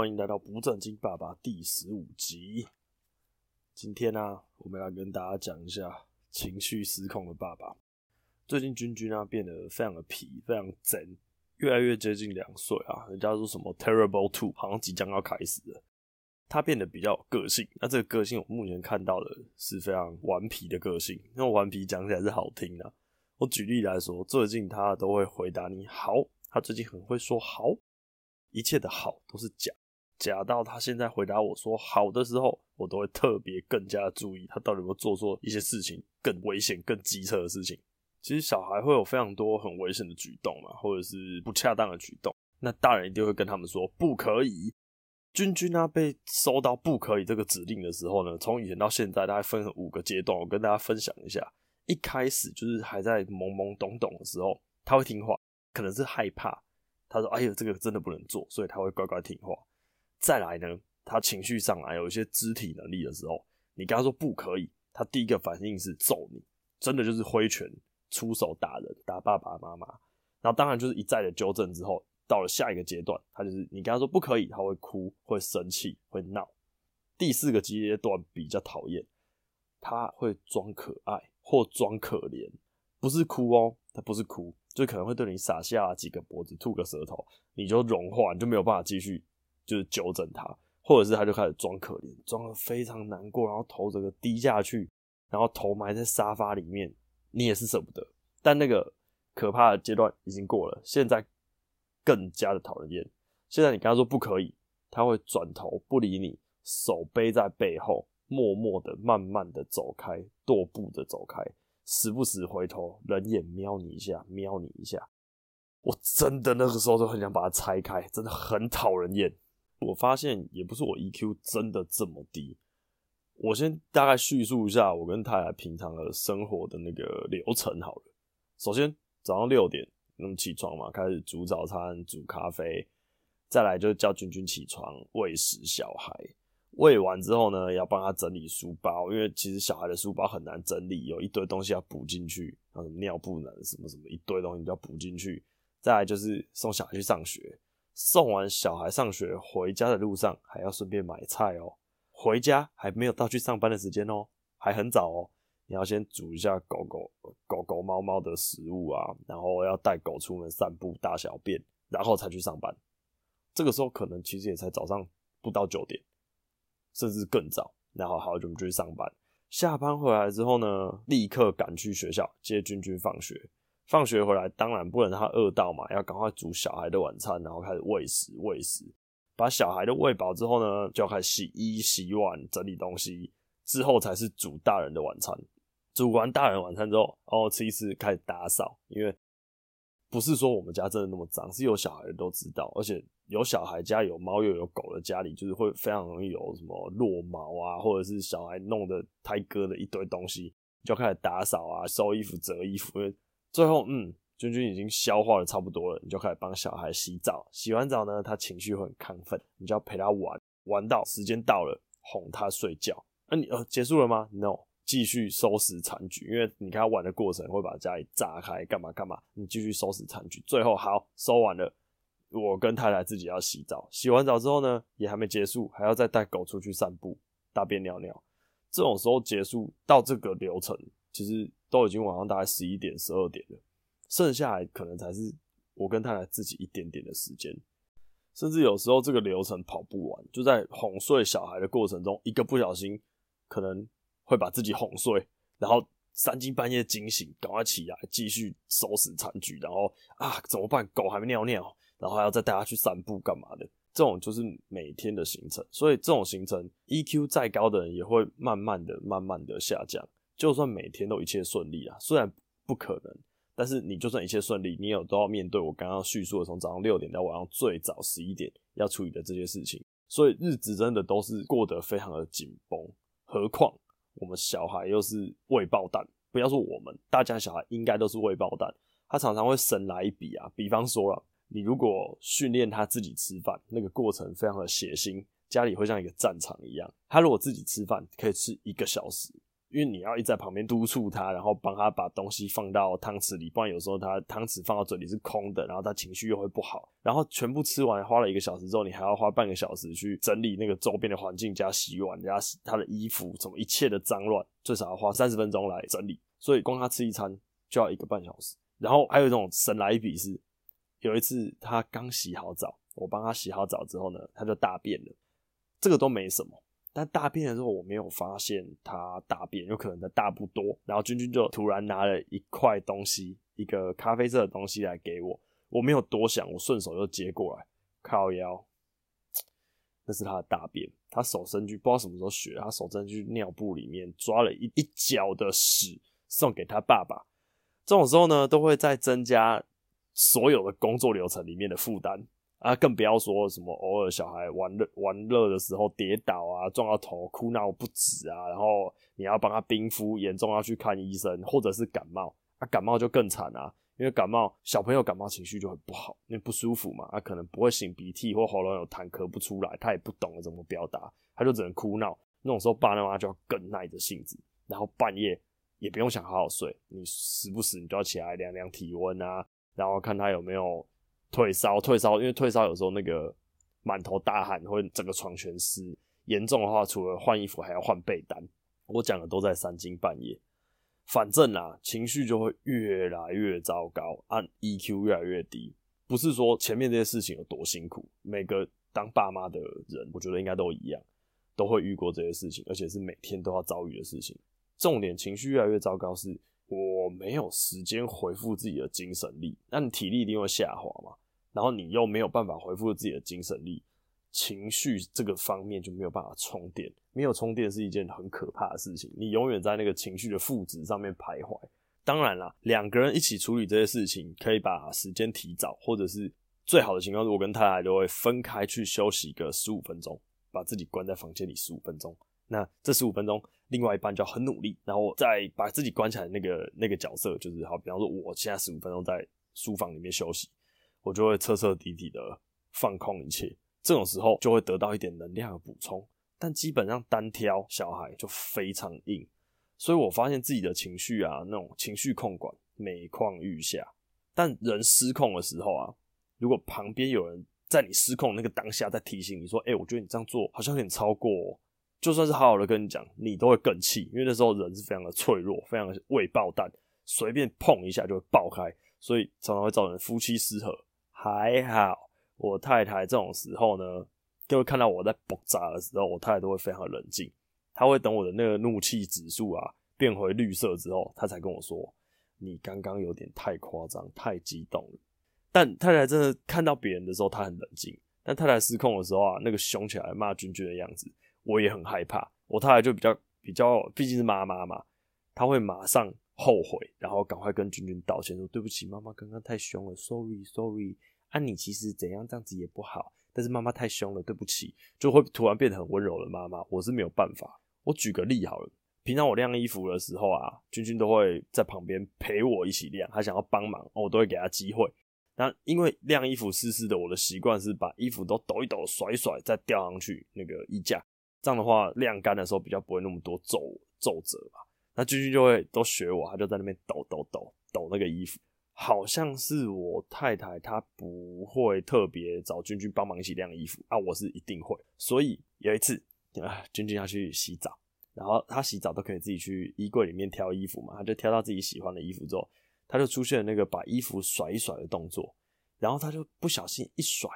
歡迎來到不正經爸爸第十五集。今天呢、啊，我們來跟大家講一下情緒失控的爸爸。最近君君啊變得非常的皮，非常真，越來越接近兩歲啊。人家說什麼 terrible two，好像即將要開始了。他變得比較有個性，那這個個性我目前看到的是非常頑皮的個性。因為頑皮講起來是好聽的、啊。我舉例來說，最近他都會回答你好，他最近很會說好，一切的好都是假。假到他現在回答我說“好的”時候，我都會特別更加注意他到底有沒有做錯一些事情、更危險、更機車的事情。其實小孩會有非常多很危險的舉動嘛，或者是不恰當的舉動，那大人一定會跟他們說“不可以”。君君呢，被收到“不可以”這個指令的時候呢，從以前到現在大概分成五個階段，我跟大家分享一下。一開始就是還在懵懵懂懂的時候，他會聽話，可能是害怕。他說：“哎呦，這個真的不能做。”所以他會乖乖聽話。再來呢，他情緒上來，有一些肢體能力的時候，你跟他說不可以，他第一個反應是揍你，真的就是揮拳、出手打人，打爸爸媽媽。然後當然就是一再的糾正之後，到了下一個階段，他就是你跟他說不可以，他會哭、會生氣、會鬧。第四個階段比較討厭，他會裝可愛或裝可憐，不是哭哦、喔，他不是哭，就可能會對你撒下幾個脖子、吐個舌頭，你就融化，你就沒有辦法繼續。就是糾正他，或者是他就開始裝可憐，裝得非常難過，然後頭整個低下去，然後頭埋在沙發裡面，你也是捨不得。但那個可怕的階段已經過了，現在更加的討人厭。現在你跟他說不可以，他會轉頭不理你，手背在背後，默默的、慢慢的走開，踱步的走開，時不時回頭，人眼瞄你一下，瞄你一下。我真的那個時候就很想把它拆開，真的很討人厭。我發現也不是我 EQ 真的這麼低。我先大概敘述一下我跟太太平常的生活的那個流程好了。首先早上六點，那麼起床嘛，開始煮早餐、煮咖啡，再來就是叫君君起床、餵食小孩。餵完之後呢，要幫他整理書包，因為其實小孩的書包很難整理，有一堆東西要補進去，嗯，尿布呢，什麼什麼一堆東西要補進去。再來就是送小孩去上學。送完小孩上學回家的路上，還要順便買菜哦、喔。回家還沒有到去上班的時間哦，還很早哦、喔。你要先煮一下狗狗、狗狗貓貓的食物啊，然後要帶狗出門散步大小便，然後才去上班。這個時候可能其實也才早上不到九點，甚至更早。然後好久沒去上班。下班回來之後呢，立刻趕去學校接君君放學。放學回來，當然不能讓他餓到嘛，要趕快煮小孩的晚餐，然後開始餵食餵食，把小孩都餵飽之後呢，就要開始洗衣洗碗整理東西，之後才是煮大人的晚餐。煮完大人的晚餐之後，然後，哦、吃一次開始打掃，因為不是說我們家真的那麼髒，是有小孩都知道，而且有小孩家有貓又有狗的家裡，就是會非常容易有什麼落毛啊，或者是小孩弄的胎割的一堆東西，就要開始打掃啊，收衣服折衣服，因為。最後，嗯，君君已經消化得差不多了，你就開始幫小孩洗澡。洗完澡呢，他情緒會很亢奮，你就要陪他玩，玩到時間到了，哄他睡覺。那、啊、你呃，結束了嗎？No，繼續收拾殘局，因為你看他玩的過程會把家裡炸開，幹嘛幹嘛，你繼續收拾殘局。最後好，收完了，我跟太太自己要洗澡。洗完澡之後呢，也還沒結束，還要再帶狗出去散步，大便尿尿。這種時候結束到這個流程，其實。都已經晚上大概十一點、十二點了，剩下來可能才是我跟太太自己一點點的時間，甚至有時候這個流程跑不完，就在哄睡小孩的過程中，一個不小心可能會把自己哄睡，然後三更半夜驚醒，趕快起來繼續收拾殘局，然後啊怎麼辦？狗還沒尿尿，然後還要再帶他去散步幹嘛的。這種就是每天的行程，所以這種行程 EQ 再高的人也會慢慢的、慢慢的下降。就算每天都一切順利啊，雖然不可能，但是你就算一切順利，你也都要面對我剛剛敘述的從早上六點到晚上最早十一點要處理的這些事情，所以日子真的都是過得非常的緊繃。何況我們小孩又是未爆彈，不要說我們，大家小孩應該都是未爆彈，他常常會神來一筆啊。比方說啊，你如果訓練他自己吃飯，那個過程非常的血腥，家裡會像一個戰場一樣。他如果自己吃飯，可以吃一個小時。因為你要一在旁邊督促他，然後幫他把東西放到湯匙裡，不然有時候他湯匙放到嘴裡是空的，然後他情緒又會不好，然後全部吃完花了一個小時之後，你還要花半個小時去整理那個周邊的環境加洗碗加洗他的衣服，什麼一切的髒亂，最少要花三十分鐘來整理。所以光他吃一餐就要一個半小時，然後還有一種神來一筆是，有一次他剛洗好澡，我幫他洗好澡之後呢，他就大便了，這個都沒什麼。但大便的時候我沒有發現他大便，有可能他大不多。然後君君就突然拿了一塊東西，一個咖啡色的東西來給我，我沒有多想，我順手就接過來，靠腰。那是他的大便，他手伸去，不知道什麼時候學，他手伸去尿布裡面抓了一一腳的屎，送給他爸爸。這種時候呢，都會再增加所有的工作流程裡面的負擔。啊，更不要說什麼偶爾小孩玩樂玩樂的時候跌倒啊，撞到頭哭鬧不止啊，然後你要幫他冰敷，嚴重要去看醫生，或者是感冒啊，感冒就更慘啊，因為感冒小朋友感冒情緒就很不好，因為不舒服嘛，他、啊、可能不會擤鼻涕或喉嚨有痰咳不出來，他也不懂得怎麼表達，他就只能哭鬧，那種時候爸爸媽媽就要更耐着性子，然後半夜也不用想好好睡，你時不時你就要起來量量體溫啊，然後看他有沒有。退燒，退燒，因為退燒有時候那個滿頭大汗，或者整個床全濕，嚴重的話除了換衣服，還要換被單。我講的都在三更半夜，反正啊，情緒就會越來越糟糕，按 EQ 越來越低。不是說前面這些事情有多辛苦，每個當爸媽的人，我覺得應該都一樣，都會遇過這些事情，而且是每天都要遭遇的事情。重點情緒越來越糟糕是，是我沒有時間回復自己的精神力，那你體力一定會下滑嘛。然後你又沒有辦法回復自己的精神力、情緒這個方面就沒有辦法充電。沒有充電是一件很可怕的事情，你永遠在那個情緒的負值上面徘徊。當然啦，兩個人一起處理這些事情，可以把時間提早，或者是最好的情況是我跟太太都會分開去休息一個十五分鐘，把自己關在房間裡十五分鐘。那這十五分鐘，另外一半就要很努力，然後我再把自己關起來。那個那個角色就是，好比方說，我現在十五分鐘在書房裡面休息。我就會徹徹底底的放空一切，這種時候就會得到一點能量的補充，但基本上單挑小孩就非常硬，所以我發現自己的情緒啊，那種情緒控管每況愈下。但人失控的時候啊，如果旁邊有人在你失控那個當下在提醒你說：“哎，我覺得你這樣做好像有點超過。”就算是好好的跟你講，你都會更氣，因為那時候人是非常的脆弱，非常的未爆彈，隨便碰一下就會爆開，所以常常會造成夫妻失和。還好，我太太這種時候呢，就會看到我在爆炸的時候，我太太都會非常冷靜。她會等我的那個怒氣指數啊變回綠色之後，她才跟我說：“你剛剛有點太誇張，太激動了。”但太太真的看到別人的時候，她很冷靜。但太太失控的時候啊，那個兇起來罵君君的樣子，我也很害怕。我太太就比較比較，畢竟是媽媽嘛，她會馬上後悔，然後趕快跟君君道歉說，說：“對不起，媽媽剛剛太兇了，sorry，sorry。Sorry, ” sorry. 按、啊、你其實怎樣這樣子也不好，但是媽媽太凶了，對不起，就會突然變得很溫柔了。媽媽，我是沒有辦法。我舉個例好了，平常我晾衣服的時候啊，君君都會在旁邊陪我一起晾，她想要幫忙，哦，我都會給他機會。那因為晾衣服濕濕的，我的習慣是把衣服都抖一抖，甩一甩，再吊上去那個衣架。這樣的話，晾乾的時候比較不會那麼多皺皺褶吧。那君君就會都學我，他就在那邊抖抖抖抖那個衣服。好像是我太太，她不會特別找君君幫忙洗晾衣服啊，我是一定會。所以有一次啊，君君要去洗澡，然後他洗澡都可以自己去衣櫃裡面挑衣服嘛，他就挑到自己喜歡的衣服之後，他就出現了那個把衣服甩一甩的動作，然後他就不小心一甩，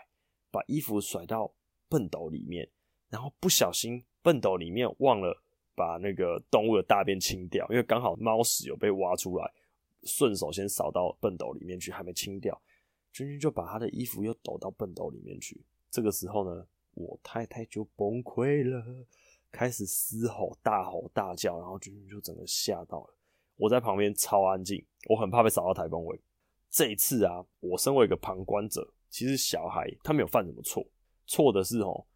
把衣服甩到畚斗裡面，然後不小心畚斗裡面忘了把那個動物的大便清掉，因為剛好貓屎有被挖出來。順手先掃到畚斗裡面去，還沒清掉，君君就把他的衣服又抖到畚斗裡面去。這個時候呢，我太太就崩潰了，開始嘶吼、大吼大叫，然後君君就整個嚇到了。我在旁邊超安靜，我很怕被掃到台風尾。這一次啊，我身為一個旁觀者，其實小孩他沒有犯什麼錯，錯的是吼、喔，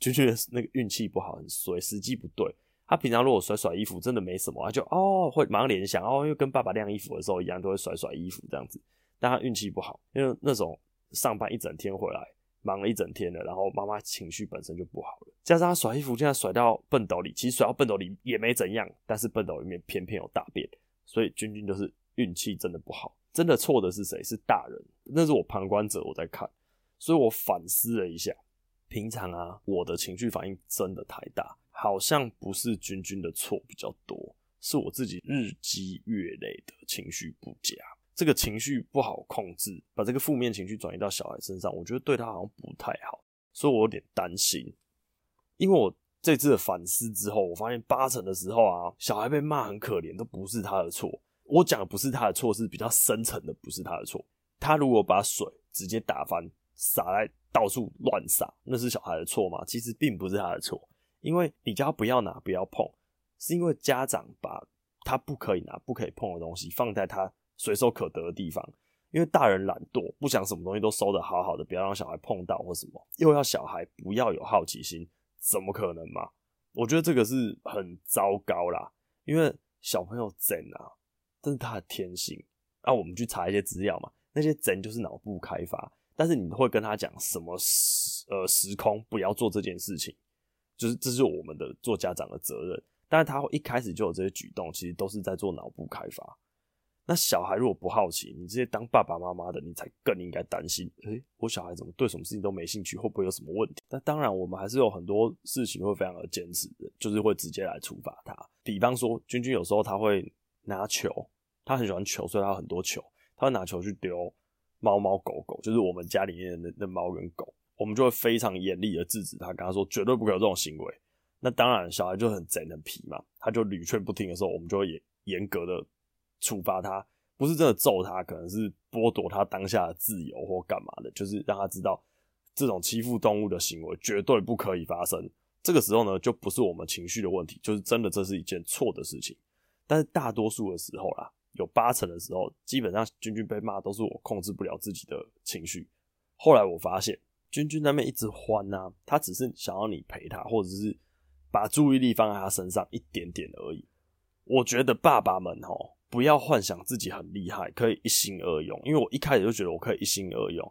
君君那個運氣不好，很衰，時機不對。他平常如果甩甩衣服，真的沒什麼，他就哦會馬上聯想哦，又跟爸爸晾衣服的時候一樣，都會甩甩衣服這樣子。但他運氣不好，因為那種上班一整天回來，忙了一整天了，然後媽媽情緒本身就不好了，加上他甩衣服，現在甩到畚斗裡。其實甩到畚斗裡也沒怎樣，但是畚斗裡面偏偏有大便，所以君君就是運氣真的不好。真的錯的是誰？是大人。那是我旁觀者，我在看，所以我反思了一下，平常啊，我的情緒反應真的太大。好像不是君君的錯比較多，是我自己日積月累的情緒不佳，這個情緒不好控制，把這個負面情緒轉移到小孩身上，我覺得對他好像不太好，所以我有點擔心。因為我這次的反思之後，我發現八成的時候啊，小孩被罵很可憐，都不是他的錯。我講的不是他的錯，是比較深層的，不是他的錯。他如果把水直接打翻，灑在到處亂灑，那是小孩的錯嗎？其實並不是他的錯。因為你叫不要拿、不要碰，是因為家長把他不可以拿、不可以碰的東西放在他隨手可得的地方。因為大人懶惰，不想什麼東西都收得好好的，不要讓小孩碰到或什麼，又要小孩不要有好奇心，怎麼可能嘛？我覺得這個是很糟糕啦。因為小朋友真啊，這是他的天性。那、啊、我們去查一些資料嘛，那些真就是腦部開發，但是你會跟他講什麼時呃時空不要做這件事情。就是這是我們的做家長的責任，但是他會一開始就有這些舉動，其實都是在做腦部開發。那小孩如果不好奇，你這些當爸爸媽媽的，你才更應該擔心。誒、欸，我小孩怎麼對什麼事情都沒興趣，會不會有什麼問題？那當然，我們還是有很多事情會非常的堅持的，就是會直接來處罰他。比方說，君君有時候他會拿球，他很喜歡球，所以他有很多球，他會拿球去丟貓貓狗狗，就是我們家裡面的那貓跟狗。我們就會非常嚴厲的制止他，跟他說絕對不可以有這種行為。那當然，小孩就很賊很皮嘛，他就屢勸不聽的時候，我們就會嚴格的處罰他，不是真的揍他，可能是剝奪他當下的自由或幹嘛的，就是讓他知道這種欺負動物的行為絕對不可以發生。這個時候呢，就不是我們情緒的問題，就是真的這是一件錯的事情。但是大多數的時候啦，有八成的時候，基本上君君被罵都是我控制不了自己的情緒。後來我發現。君君在那邊一直歡啊，他只是想要你陪他，或者是把注意力放在他身上一點點而已。我覺得爸爸們哦、喔，不要幻想自己很厲害，可以一心二用。因為我一開始就覺得我可以一心二用，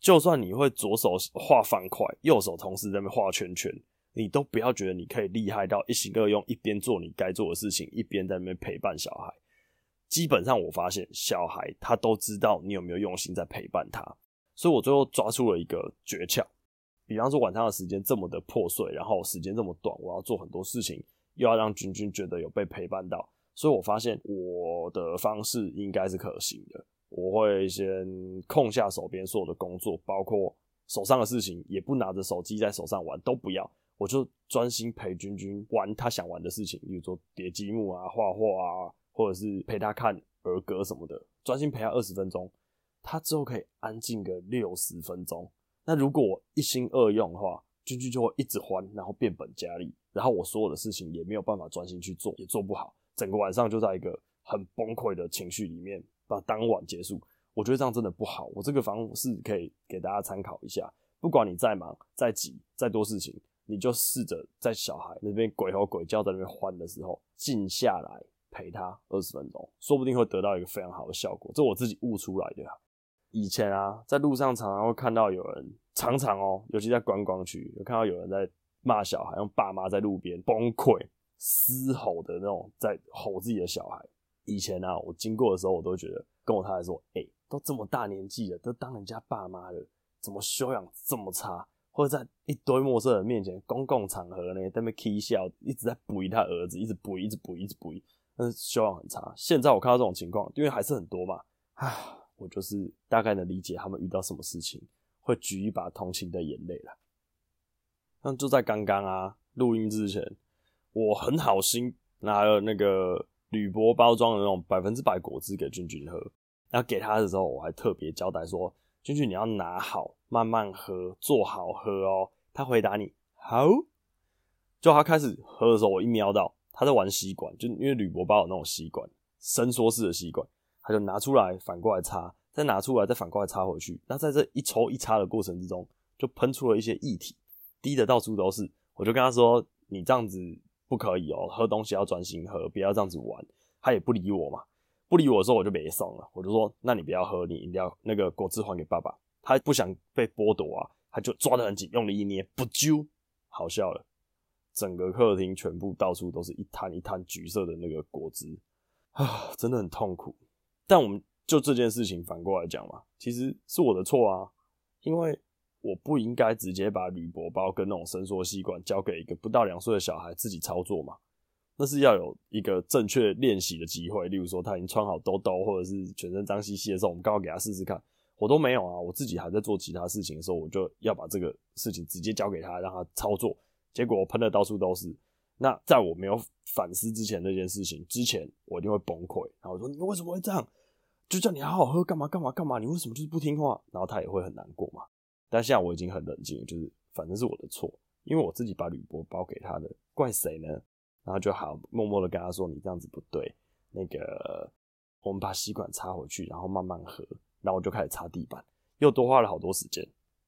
就算你會左手畫方塊，右手同時在那邊畫圈圈，你都不要覺得你可以厲害到一心二用，一邊做你該做的事情，一邊在那邊陪伴小孩。基本上我發現，小孩他都知道你有沒有用心在陪伴他。所以我最後抓出了一個訣竅，比方說晚上的時間這麼的破碎，然後時間這麼短，我要做很多事情，又要讓君君覺得有被陪伴到，所以我發現我的方式應該是可行的。我會先空下手邊所有的工作，包括手上的事情，也不拿着手機在手上玩，都不要，我就專心陪君君玩他想玩的事情，比如說疊積木啊、畫畫啊，或者是陪他看兒歌什麼的，專心陪他二十分鐘。他之後可以安靜個六十分鐘。那如果我一心二用的話，君君就會一直歡，然後變本加厲，然後我所有的事情也沒有辦法專心去做，也做不好。整個晚上就在一個很崩潰的情緒裡面，把當晚結束。我覺得這樣真的不好。我這個方式可以給大家參考一下。不管你再忙、再急、再多事情，你就試着在小孩那邊鬼吼鬼叫，在那邊歡的時候，靜下來陪他二十分鐘，說不定會得到一個非常好的效果。這我自己悟出來的啊。以前啊，在路上常常會看到有人，常常哦，尤其在觀光區，有看到有人在罵小孩，用爸媽在路邊崩潰嘶吼的那種，在吼自己的小孩。以前啊，我經過的時候，我都覺得跟我太太說：“誒、欸、都這麼大年紀了，都當人家爸媽了，怎麼修養這麼差？或者在一堆陌生人面前，公共場合呢，在那邊哭笑，一直在補一他兒子，一直補，一直補，一直補，嗯，修養很差。現在我看到這種情況，因為還是很多嘛，啊。”我就是大概能理解他們遇到什麼事情，會舉一把同情的眼淚啦。那就在剛剛啊，錄音之前，我很好心拿了那個鋁箔包裝的那種百分之百果汁給君君喝。然後給他的時候，我還特別交代說：“君君你要拿好，慢慢喝，做好喝哦、喔。”他回答你：“你好。”就他開始喝的時候，我一瞄到他在玩吸管，就因為鋁箔包有那種吸管，伸縮式的吸管。他就拿出來，反過來插，再拿出來，再反過來插回去。那在這一抽一插的過程之中，就噴出了一些液體，滴的到處都是。我就跟他說：“你這樣子不可以哦、喔，喝東西要專心喝，不要這樣子玩。”他也不理我嘛，不理我的時候我就沒送了。我就說：“那你不要喝，你一定要那個果汁還給爸爸。”他不想被剝奪啊，他就抓得很緊，用力一捏，不揪，好笑了。整個客廳全部到處都是一灘一灘橘色的那個果汁，啊，真的很痛苦。但我們就這件事情反過來講嘛，其實是我的錯啊，因為我不應該直接把鋁箔包跟那種伸縮吸管交給一個不到兩歲的小孩自己操作嘛。那是要有一個正確練習的機會，例如說他已經穿好兜兜或者是全身髒兮兮的時候，我們剛好給他試試看。我都沒有啊，我自己還在做其他事情的時候，我就要把這個事情直接交給他讓他操作，結果我噴的到處都是。那在我沒有反思之前，那件事情之前，我一定會崩潰。然後我說，你為什麼會這樣？就叫你好好喝，幹嘛幹嘛幹嘛？你為什麼就是不聽話？然後他也會很難過嘛。但現在我已經很冷靜了，就是反正是我的錯，因為我自己把鋁箔包給他的，怪誰呢？然後就好默默的跟他說，你這樣子不對。那個我們把吸管插回去，然後慢慢喝。然後我就開始擦地板，又多花了好多時間。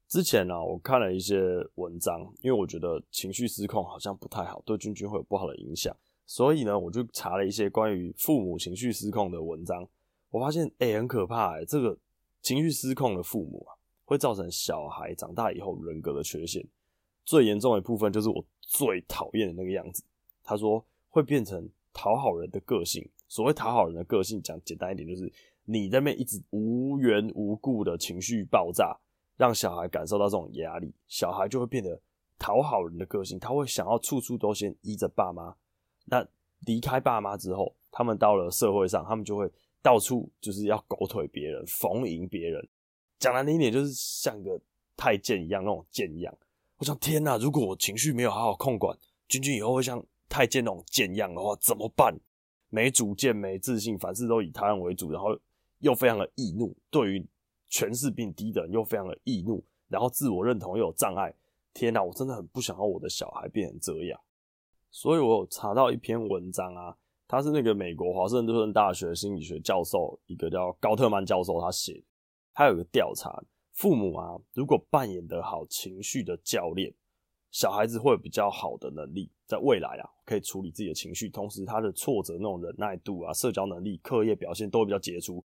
之前呢、啊，我看了一些文章，因為我覺得情緒失控好像不太好，對君君會有不好的影響，所以呢，我就查了一些關於父母情緒失控的文章。我發現，哎，很可怕，哎，這個情緒失控的父母啊，會造成小孩長大以後人格的缺陷。最嚴重的一部分就是我最討厭的那個樣子。他說會變成討好人的個性。所謂討好人的個性，講簡單一點，就是你在那邊一直無緣無故的情緒爆炸。讓小孩感受到這種壓力，小孩就會變得討好人的個性，他會想要處處都先依着爸媽。那離開爸媽之後，他們到了社會上，他們就會到處就是要狗腿別人、逢迎別人。講難聽一點，就是像個太監一樣那種賤樣。我想，天哪、啊！如果我情緒沒有好好控管，君君以後會像太監那種賤樣的話，怎麼辦？沒主見、沒自信，凡事都以他人為主，然後又非常的易怒，對於。全是病，低等又非常的易怒，然後自我認同又有障礙。天哪、啊，我真的很不想要我的小孩變成這樣。所以我有查到一篇文章啊，他是那個美國華盛頓大學心理學教授，一個叫高特曼教授他寫，他寫他有個調查，父母啊，如果扮演得好情緒的教練，小孩子會有比較好的能力，在未來啊可以處理自己的情緒，同時他的挫折那種忍耐度啊、社交能力、課業表現都會比較傑出。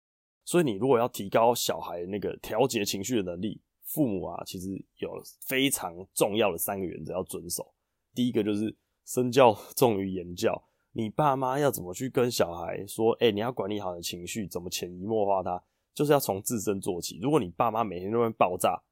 所以，你如果要提高小孩那個調節情緒的能力，父母啊，其實有非常重要的三個原則要遵守。第一個就是身教重於言教，你爸媽要怎麼去跟小孩說？哎，你要管理好你的情緒，怎麼潛移默化他？就是要從自身做起。如果你爸媽每天都會爆炸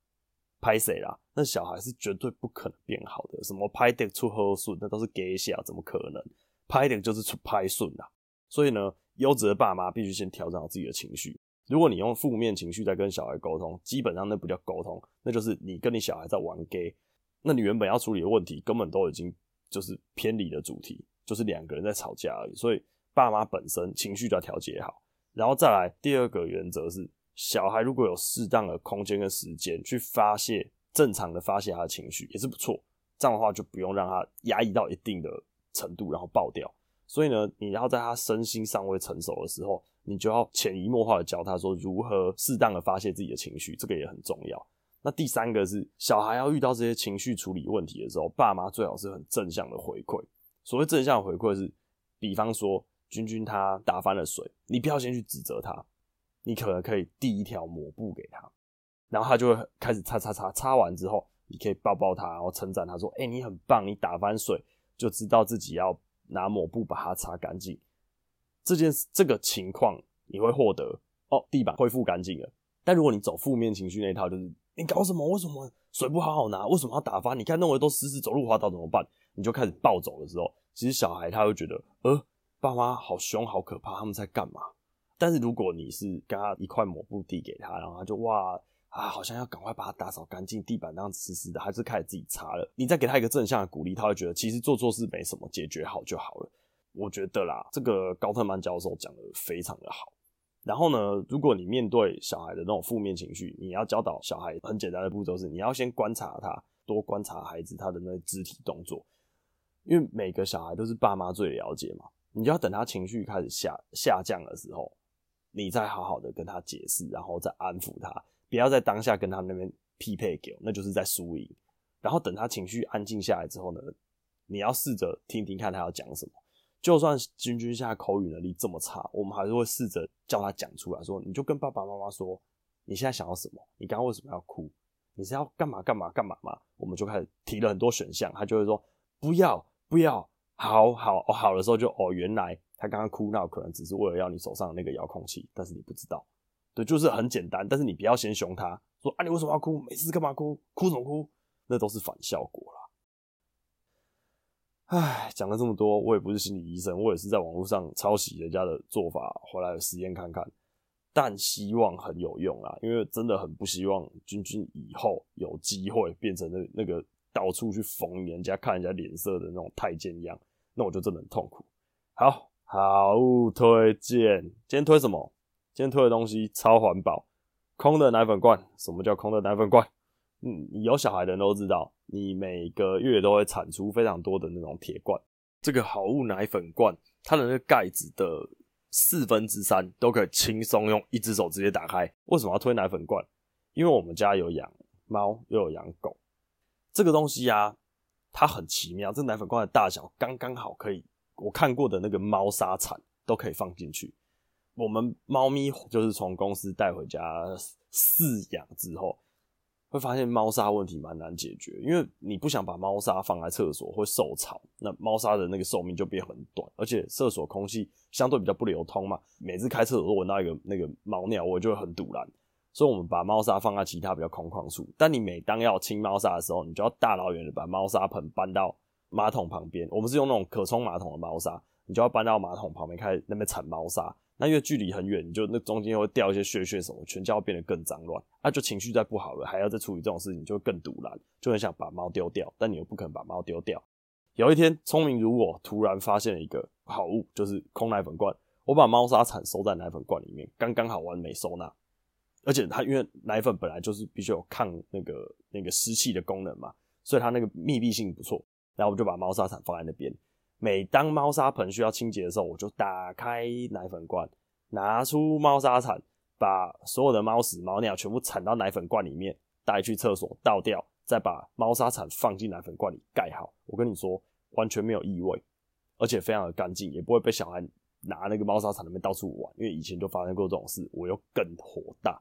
拍誰啦，那小孩是絕對不可能變好的。什麼歹竹出好筍，那都是假象，怎麼可能歹竹就是出歹筍啦？所以呢，優質的爸媽必須先調整好自己的情緒。如果你用負面情緒在跟小孩溝通，基本上那不叫溝通，那就是你跟你小孩在玩 gay。那你原本要處理的問題，根本都已經就是偏離的主題，就是兩個人在吵架而已。所以爸媽本身情緒就要調節好，然後再來第二個原則是，小孩如果有適當的空間跟時間去發泄，正常的發泄他的情緒也是不錯。這樣的話就不用讓他壓抑到一定的程度，然後爆掉。所以呢，你要在他身心尚未成熟的時候，你就要潛移默化的教他說如何適當的發洩自己的情緒，這個也很重要。那第三個是，小孩要遇到這些情緒處理問題的時候，爸媽最好是很正向的回饋。所謂正向的回饋是，比方說君君他打翻了水，你不要先去指責他，你可能可以遞一條抹布給他，然後他就會開始擦擦擦。擦完之後，你可以抱抱他，然後稱讚他說：“哎、欸，你很棒，你打翻水就知道自己要。”拿抹布把它擦乾淨，這件這個情況你會獲得哦，地板恢復乾淨了。但如果你走負面情緒那一套，就是你搞什麼？為什麼水不好好拿？為什麼要打翻？你看弄得都濕濕，走路滑倒怎麼辦？你就開始暴走的時候，其實小孩他會覺得，呃，爸媽好凶好可怕，他們在幹嘛？但是如果你是給他一塊抹布遞給他，然後他就哇。啊，好像要趕快把它打掃乾淨，地板那樣濕濕的，還是開始自己擦了。你再給他一個正向的鼓勵，他會覺得其實做錯事沒什麼，解決好就好了。我覺得啦，這個高特曼教授講的非常的好。然後呢，如果你面對小孩的那種負面情緒，你要教導小孩，很簡單的步驟是，你要先觀察他，多觀察孩子他的那些肢體動作，因為每個小孩都是爸媽最了解嘛。你就要等他情緒開始下下降的時候，你再好好的跟他解釋，然後再安撫他。不要在當下跟他那邊匹配給我，那就是在輸贏。然後等他情緒安靜下來之後呢，你要試着聽聽看他要講什麼。就算君君現在口語能力這麼差，我們還是會試着叫他講出來說，說你就跟爸爸媽媽說你現在想要什麼？你剛剛為什麼要哭？你是要幹嘛幹嘛幹嘛嘛？我們就開始提了很多選項，他就會說不要不要，好好好，好的時候就哦，原來他剛剛哭鬧可能只是為了要你手上的那個遙控器，但是你不知道。就是很簡單，但是你不要先凶他，說啊你為什麼要哭？每次幹嘛哭？哭什麼哭？那都是反效果啦。唉，講了這麼多，我也不是心理醫生，我也是在網絡上抄襲人家的做法回來實驗看看，但希望很有用啊，因為真的很不希望君君以後有機會變成那個、那個到處去逢人家、看人家臉色的那種太監一樣，那我就真的很痛苦。好，好物推薦，今天推什麼？今天推的東西超環保，空的奶粉罐。什麼叫空的奶粉罐？嗯，有小孩的人都知道，你每個月都會產出非常多的那種鐵罐。這個好物奶粉罐，它的那個蓋子的四分之三都可以輕鬆用一只手直接打開。為什麼要推奶粉罐？因為我們家有養貓又有養狗，這個東西呀、啊，它很奇妙。這個、奶粉罐的大小剛剛好，可以我看過的那個貓砂鏟都可以放進去。我們貓咪就是從公司帶回家飼養之後，會發現貓砂問題蠻難解決，因為你不想把貓砂放在廁所，會受潮，那貓砂的那個壽命就變很短，而且廁所空氣相對比較不流通嘛，每次開廁所都聞到一個那個貓尿，我就會很賭爛，所以我們把貓砂放在其他比較空曠處。但你每當要清貓砂的時候，你就要大老遠的把貓砂盆搬到馬桶旁邊。我們是用那種可沖馬桶的貓砂，你就要搬到馬桶旁邊，開始在那邊鏟貓砂。那因為距離很遠，你就那中間會掉一些屑屑什麼，全家會變得更髒亂。那就情緒再不好了，還要再處理這種事情，就更賭爛，就很想把貓丟掉，但你又不可能把貓丟掉。有一天，聰明如我，突然發現了一個好物，就是空奶粉罐。我把貓砂鏟收在奶粉罐裡面，剛剛好完美收納，而且它因為奶粉本來就是必須有抗那個那個濕氣的功能嘛，所以它那個密閉性不錯。然後我就把貓砂鏟放在那邊。每當貓砂盆需要清潔的時候，我就打開奶粉罐，拿出貓砂鏟，把所有的貓屎貓尿全部鏟到奶粉罐裡面，帶去廁所倒掉，再把貓砂鏟放進奶粉罐裡蓋好。我跟你說，完全沒有異味，而且非常的乾淨，也不會被小孩拿那個貓砂鏟裡面到處玩，因為以前就發生過這種事，我又更火大。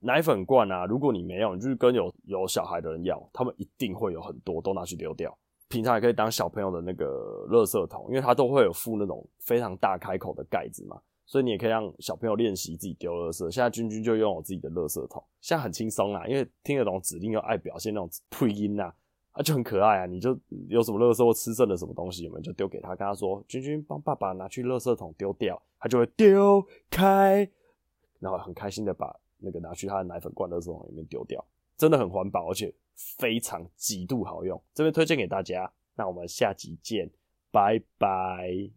奶粉罐啊，如果你沒有，你就是跟有有小孩的人要，他們一定會有很多，都拿去丟掉。平常也可以當小朋友的那個垃圾桶，因為他都會有附那種非常大開口的蓋子嘛，所以你也可以讓小朋友練習自己丟垃圾。現在君君就擁有自己的垃圾桶，現在很輕鬆啊，因為聽得懂指令又愛表現那種配音啊，他就很可愛啊。你就有什麼垃圾或吃剩的什麼東西有沒有，你們就丟給他，跟他說：“君君幫爸爸拿去垃圾桶丟掉。”他就會丟開，然後很開心的把那個拿去他的奶粉罐的垃圾桶裡面丟掉，真的很環保，而且。非常極度好用，這邊推薦給大家。那我們下集見，拜拜。